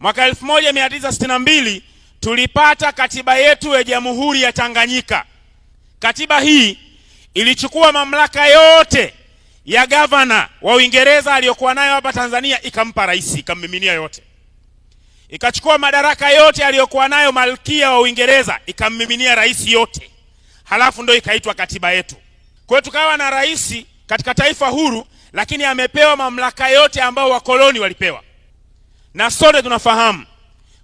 Mwaka mbili tulipata katiba yetu ya Jamhuri ya Tanganyika. Katiba hii ilichukua mamlaka yote ya gavana wa Uingereza aliyokuwa nayo hapa Tanzania ikampa rais, ikammiminia yote. Ikachukua madaraka yote aliyokuwa nayo malkia wa Uingereza ikammiminia rais yote, halafu ndo ikaitwa katiba yetu. Kwa tukawa na rais katika taifa huru, lakini amepewa mamlaka yote ambayo wakoloni walipewa na sote tunafahamu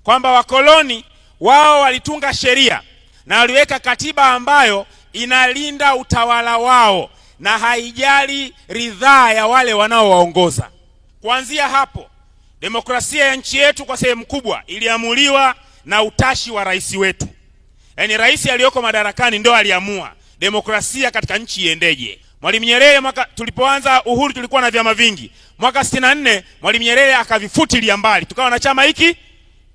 kwamba wakoloni wao walitunga sheria na waliweka katiba ambayo inalinda utawala wao na haijali ridhaa ya wale wanaowaongoza. Kuanzia hapo, demokrasia ya nchi yetu kwa sehemu kubwa iliamuliwa na utashi wa rais wetu, yaani rais aliyoko madarakani ndio aliamua demokrasia katika nchi iendeje. Mwalimu Nyerere mwaka tulipoanza uhuru tulikuwa na vyama vingi. Mwaka 64 Mwalimu Nyerere akavifutilia mbali, tukawa na chama hiki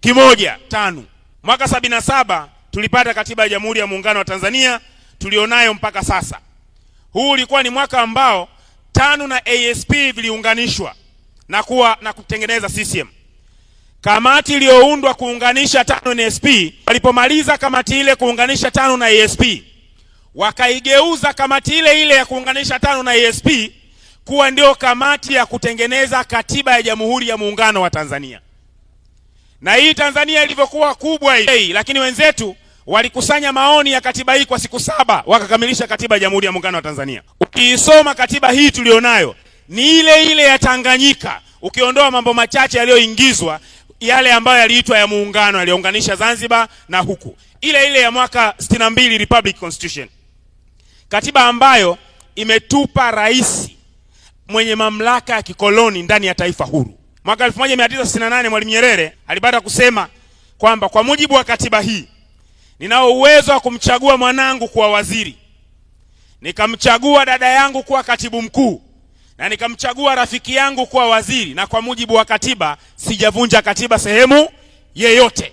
kimoja tano. Mwaka 77 tulipata katiba ya Jamhuri ya Muungano wa Tanzania tulionayo mpaka sasa. Huu ulikuwa ni mwaka ambao tano na ASP viliunganishwa na kuwa na kutengeneza CCM. Kamati iliyoundwa kuunganisha tano na ASP, walipomaliza kamati ile kuunganisha tano na ASP wakaigeuza kamati ile ile ya kuunganisha tano na ESP kuwa ndio kamati ya kutengeneza katiba ya Jamhuri ya Muungano wa Tanzania. Na hii Tanzania ilivyokuwa kubwa hii, lakini wenzetu walikusanya maoni ya katiba hii kwa siku saba wakakamilisha katiba ya Jamhuri ya Muungano wa Tanzania. Ukiisoma katiba hii tulionayo ni ile ile ya Tanganyika, ukiondoa mambo machache yaliyoingizwa yale ambayo yaliitwa ya muungano yaliyounganisha Zanzibar na huku, ile ile ya mwaka 62 Republic Constitution katiba ambayo imetupa rais mwenye mamlaka ya kikoloni ndani ya taifa huru. Mwaka 1968 Mwalimu Nyerere alipata kusema kwamba kwa mujibu wa katiba hii ninao uwezo wa kumchagua mwanangu kuwa waziri, nikamchagua dada yangu kuwa katibu mkuu, na nikamchagua rafiki yangu kuwa waziri, na kwa mujibu wa katiba sijavunja katiba sehemu yeyote.